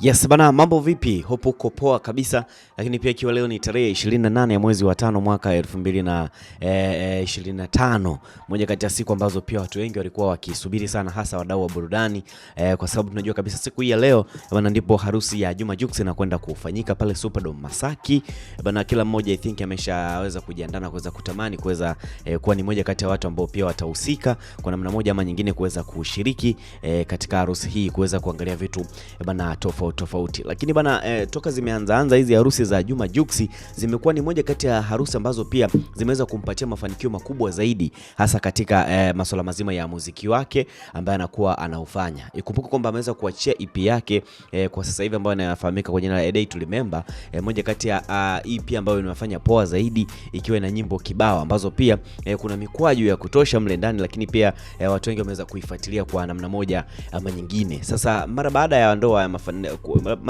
Yes bana, mambo vipi? Hope uko poa kabisa, lakini pia ikiwa leo ni tarehe 28 ya mwezi wa tano mwaka 2025, e, eh, eh, moja kati ya siku ambazo pia watu wengi walikuwa wakisubiri sana, hasa wadau wa burudani e, kwa sababu tunajua kabisa siku hii ya leo bana, ndipo harusi ya Juma Jux inakwenda kufanyika pale Superdome Masaki bana. Kila mmoja I think ameshaweza kujiandaa na kuweza kutamani kuweza e, kuwa ni moja kati ya watu ambao pia watahusika kwa namna moja ama nyingine kuweza kushiriki e, katika harusi hii kuweza kuangalia vitu bana tofauti tofauti. Lakini bana e, toka zimeanzaanza hizi harusi za Juma Jux zimekuwa ni moja kati ya harusi ambazo pia zimeweza kumpatia mafanikio makubwa zaidi hasa katika e, masuala mazima ya muziki wake ambaye anakuwa anaufanya. Ikumbuke kwamba ameweza kuachia EP yake e, kwa sasa hivi ambayo inafahamika kwa jina la A Day to Remember, eh, moja kati ya uh, ah, EP ambayo inafanya poa zaidi ikiwa na nyimbo kibao ambazo pia e, kuna mikwaju ya kutosha mle ndani, lakini pia e, watu wengi wameweza kuifuatilia kwa namna moja ama nyingine. Sasa mara baada ya ndoa ya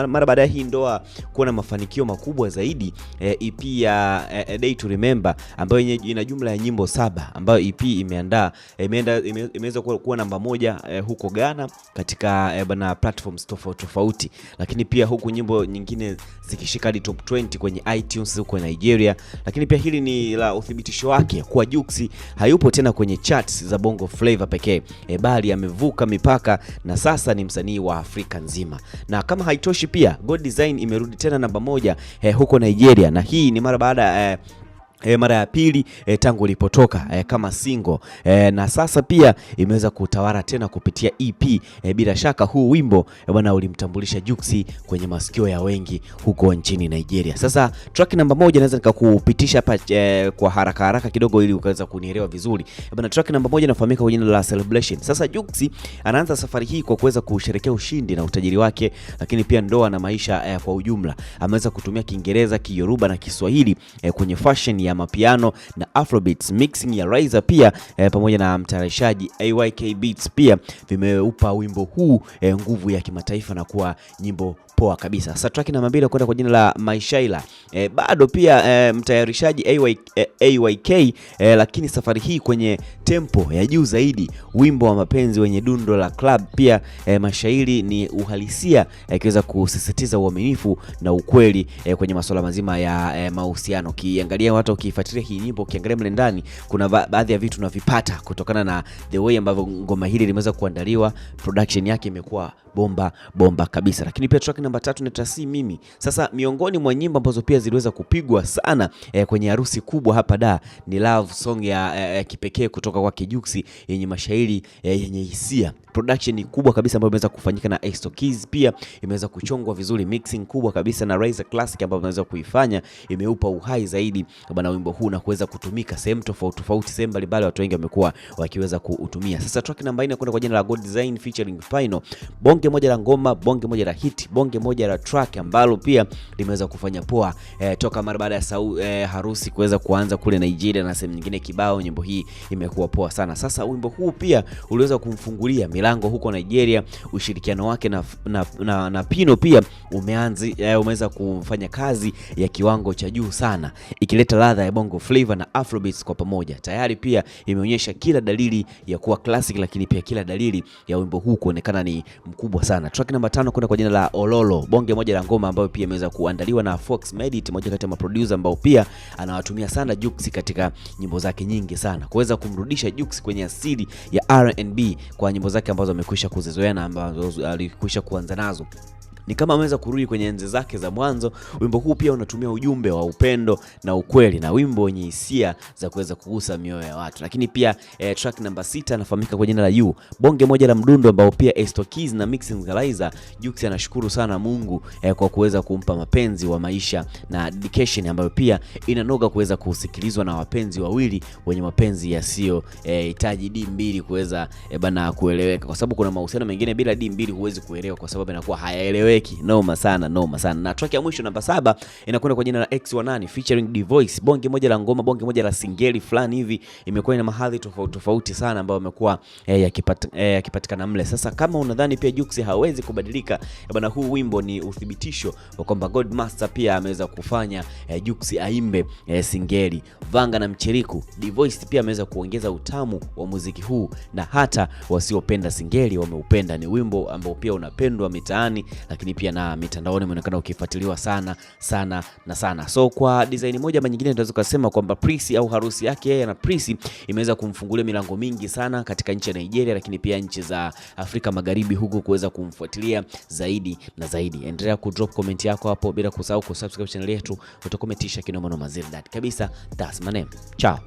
mara baada ya hii ndoa kuwa na mafanikio makubwa zaidi eh, EP ya eh, A Day to Remember ambayo ina jumla ya nyimbo saba ambayo EP imeandaa imeenda imeweza kuwa namba moja eh, huko Ghana katika eh, bana platforms tofauti tofauti, lakini pia huku nyimbo nyingine zikishika hadi top 20 kwenye iTunes huko Nigeria, lakini pia hili ni la uthibitisho wake kuwa Jux hayupo tena kwenye charts za Bongo Flava pekee eh, bali amevuka mipaka na sasa ni msanii wa Afrika nzima na kama kama haitoshi pia, god Design imerudi tena namba moja eh, huko Nigeria, na hii ni mara baada eh, E, mara ya pili e, tangu ilipotoka e, kama single e, na sasa pia imeweza kutawala tena kupitia EP e, bila shaka huu wimbo e, bwana ulimtambulisha Juksi kwenye masikio ya wengi huko nchini Nigeria. Sasa track namba moja naweza nikakupitisha hapa e, kwa haraka haraka kidogo ili ukaweza kunielewa vizuri. E, bwana track namba moja inafahamika kwa jina la Celebration. Sasa Juksi anaanza safari hii kwa kuweza kusherekea ushindi na utajiri wake, lakini pia ndoa na maisha e, kwa ujumla. Ameweza kutumia Kiingereza, Kiyoruba na Kiswahili e, kwenye fashion ya mapiano na Afrobeats, mixing ya Rayzah pia e, pamoja na mtayarishaji AYK Beats pia vimeupa wimbo huu e, nguvu ya kimataifa na kuwa nyimbo poa kabisa. Sasa track namba mbili kwenda kwa jina la Maishaila. E, bado pia e, mtayarishaji AY, e, eh, AYK e, lakini safari hii kwenye tempo ya juu zaidi, wimbo wa mapenzi wenye dundo la club. Pia e, mashairi ni uhalisia ikiweza e, kusisitiza uaminifu na ukweli e, kwenye masuala mazima ya e, mahusiano. Ukiangalia watu, ukifuatilia hii nyimbo, ukiangalia mle ndani kuna ba baadhi ya vitu unavipata kutokana na the way ambavyo ngoma hili limeweza kuandaliwa, production yake imekuwa bomba bomba kabisa. Lakini pia track namba tatu inaitwa si mimi. Sasa miongoni mwa nyimbo ambazo pia ziliweza kupigwa sana eh, kwenye harusi kubwa hapa da ni love song ya eh, eh kipekee kutoka kwa Kijuksi yenye mashairi eh, yenye hisia. Production kubwa kabisa ambayo imeweza kufanyika na Esto Keys, pia imeweza kuchongwa vizuri, mixing kubwa kabisa na Rise Classic ambayo imeweza kuifanya, imeupa uhai zaidi bwana wimbo huu na kuweza kutumika sehemu tofauti tofauti, sehemu mbalimbali, watu wengi wamekuwa wakiweza kuutumia. Sasa track namba 4 inakwenda kwa jina la God Design featuring Final Bonge bonge moja la ngoma, bonge moja la hit, bonge moja la track ambalo pia limeweza kufanya poa e, toka mara baada ya sau, e, harusi kuweza kuanza kule Nigeria na sehemu nyingine kibao, nyimbo hii imekuwa poa sana. Sasa wimbo huu pia uliweza kumfungulia milango huko Nigeria. Ushirikiano wake na, na, na, na Pino pia umeanzi, e, umeweza kufanya kazi ya kiwango cha juu sana ikileta ladha ya bongo flavor na afrobeats kwa pamoja. Tayari pia imeonyesha kila dalili ya kuwa classic, lakini pia kila dalili ya wimbo huu kuonekana ni mkubwa kubwa sana. Track namba tano kwenda kwa jina la Ololo, bonge moja la ngoma ambayo pia imeweza kuandaliwa na Fox Medit, moja kati ya maproducer ambao pia anawatumia sana Jux katika nyimbo zake nyingi sana, kuweza kumrudisha Jux kwenye asili ya R&B kwa nyimbo zake ambazo amekwisha kuzizoea na ambazo alikwisha kuanza nazo. Ni kama ameweza kurudi kwenye enzi zake za mwanzo. Wimbo huu pia unatumia ujumbe wa upendo na ukweli na wimbo wenye hisia za kuweza kugusa mioyo ya watu. Lakini pia eh, track namba sita anafahamika kwa jina la Yu, bonge moja la mdundo ambao pia Esto Keys na Mixing Galizer. Jux anashukuru sana Mungu eh, kwa kuweza kumpa mapenzi wa maisha na dedication ambayo pia inanoga kuweza kusikilizwa na wapenzi wawili wenye mapenzi yasiyo eh, hitaji eh, D mbili kuweza eh, bana kueleweka, kwa sababu kuna mahusiano mengine bila D mbili huwezi kuelewa, kwa sababu inakuwa hayaeleweki. Beki, noma sana, noma sana. Na track ya mwisho namba saba inakwenda kwa jina la X wa featuring Divoice. Bonge moja la ngoma, bonge moja la singeli fulani hivi, imekuwa ina mahali tofauti tofauti sana ambayo amekuwa eh, eh, yakipatikana eh, ya mle. Sasa kama unadhani pia Jux hawezi kubadilika eh, bwana, huu wimbo ni uthibitisho wa kwamba Godmaster pia ameweza kufanya eh, Jux aimbe eh, singeli vanga na mchiriku. Divoice pia ameweza kuongeza utamu wa muziki huu, na hata wasiopenda singeli wameupenda. Ni wimbo ambao pia unapendwa mitaani lakini lakini pia na mitandaoni umeonekana ukifuatiliwa sana sana na sana. So kwa design moja ama nyingine tunaweza kusema kwamba Prissy au harusi yake yeye na Prissy imeweza kumfungulia milango mingi sana katika nchi ya Nigeria, lakini pia nchi za Afrika Magharibi huku kuweza kumfuatilia zaidi na zaidi. Endelea ku drop comment yako hapo bila kusahau ku subscribe channel yetu, utakometisha kinoma noma kabisa. That's my name. Ciao.